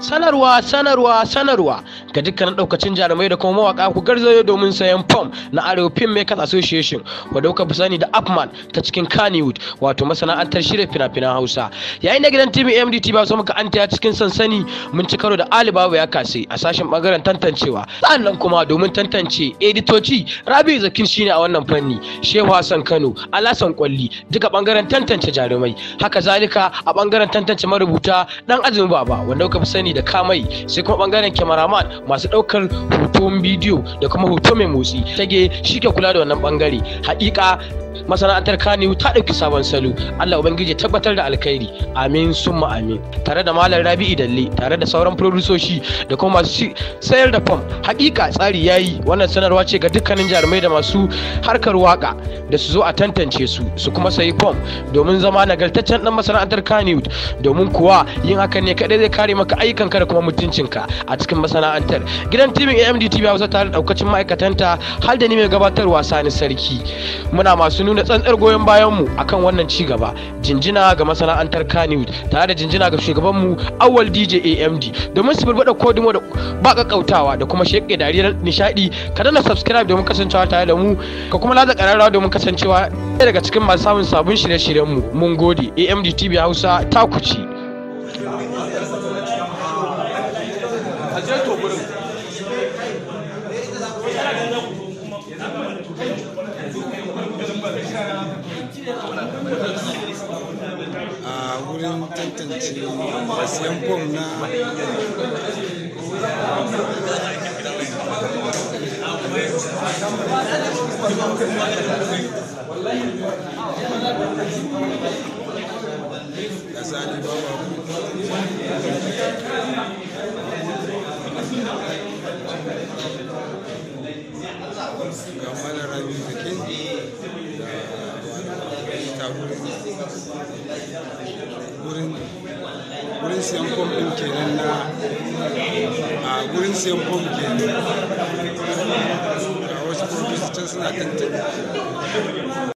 sanarwa sanarwa sanarwa ga dukkanin daukacin jarumai da kuma mawaka ku garzayo domin sayan fom na arewa film makers association wadda kuka fi sani da upman ta cikin kannywood wato masana'antar shirya fina-finan hausa yayin da gidan tv mdt ba su muka taya cikin sansani mun ci karo da alibaba ya kase a sashen bangaren tantancewa sannan kuma domin tantance editoci rabi zakin shine a wannan fanni shehu hassan kano alasan kwalli duka bangaren tantance jarumai haka zalika a bangaren tantance marubuta dan azumi baba wanda kuka fi sani sani da kamai sai kuma bangaren cameraman masu daukar hoton bidiyo da kuma hoto mai motsi tage shi ke kula da wannan bangare hakika masana'antar Kaniyu ta ɗauki sabon salo Allah ubangiji tabbatar da alkhairi amin summa amin tare da malam Rabi'i Dalle tare da sauran furodusoshi da kuma masu sayar da fam hakika tsari ya yi. wannan sanarwa ce ga dukkanin jarumai da masu harkar waka da su zo a tantance su su kuma sayi fam domin zama nagartaccen dan masana'antar Kaniyu domin kuwa yin hakan ne kadai zai kare maka ka da kuma mutuncinka a cikin masana'antar gidan timin AMD TV Hausa tare da daukacin ma'aikatanta har da ni mai gabatarwa Sani Sarki muna masu nuna tsantsar goyon bayanmu akan wannan ci gaba jinjina ga masana'antar Kano, tare da jinjina ga shugabanmu Awal DJ AMD domin su birbada kodimo da ba kautawa da kuma sheke dariyar nishadi ka dana subscribe domin kasancewa tare da mu ka kuma lada kararrawa domin kasancewa ɗaya daga cikin masu samun sabon shirye-shiryen mu mun gode AMD TV Hausa ta kuci. a wurin tantance siyan fom na kasani ga malar rabi da wurin wurin siyan fom kenan na a wurin siyan fom kenan ga wasu profesor suna kan